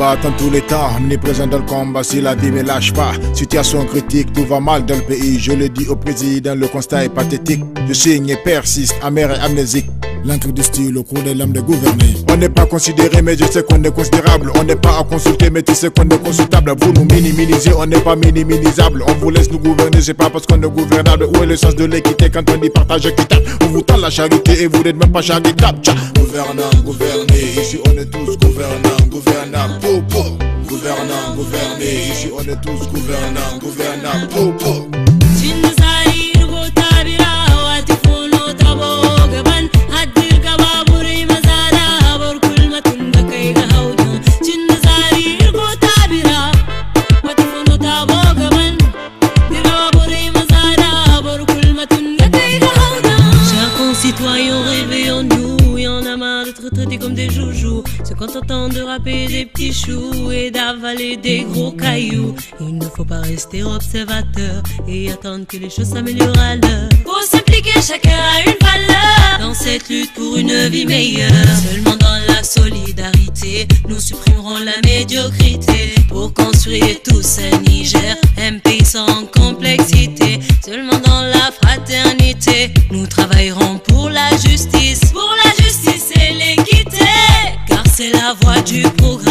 combattant tous les temps, présent dans le combat, Si la vie ne lâche pas. Situation critique, tout va mal dans le pays, je le dis au président, le constat est pathétique. Le signe persiste, amer et amnésique. L'intrigue du style au cours des lames de gouverner. On n'est pas considéré, mais je sais qu'on est considérable. On n'est pas à consulter, mais tu sais qu'on est consultable. Vous nous minimisez, on n'est pas minimisable. On vous laisse nous gouverner, c'est pas parce qu'on est gouvernable. Où est le sens de l'équité quand on dit partage équitable On vous tend la charité et vous n'êtes même pas charitable. Tcha. Gouvernant, gouverner, ici on est tous gouvernés. je suis honnête tous gouvernant, gouvernant, pou, pou. être comme des joujoux, se contentant de râper des petits choux et d'avaler des gros cailloux. Il ne faut pas rester observateur et attendre que les choses s'améliorent à l'heure. Pour s'impliquer, chacun a une valeur dans cette lutte pour une vie meilleure. Seulement dans la solidarité, nous supprimerons la médiocrité pour construire tous un Niger, un pays sans complexité. Seulement dans la fraternité, nous travaillerons pour la justice, c'est la voie du progrès.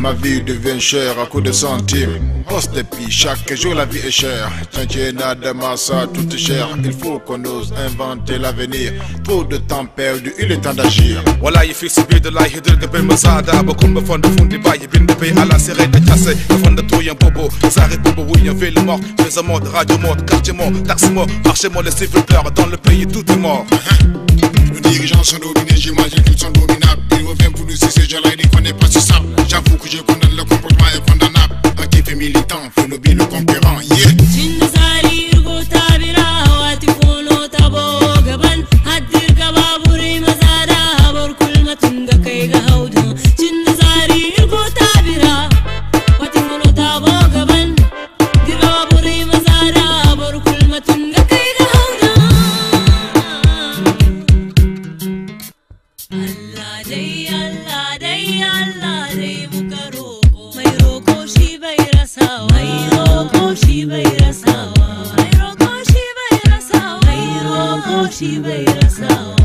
ma vie devient chère à coups de centimes. Poste de chaque jour la vie est chère. n'a de massa, tout est cher. Il faut qu'on ose inventer l'avenir. Trop de temps perdu, il est temps d'agir. Voilà, il fils de la de de bai masada ba de de fond fundi ba yi bin da bai cassé, sere da chase tout y'a un bobo zare bobo oui un ville mort fais mode, radio mode, quartier mort taxi mort marché moi les civils dans le pays tout est mort les uh-huh. dirigeants sont dominés j'imagine qu'ils sont dominables il revient pour nous si ces gens-là, ils n'est pas ce ça. J'avoue que je condamne le comportement est condamnable. Qui fait militant, lobby le conquérant, yeah. Shiva Rasa.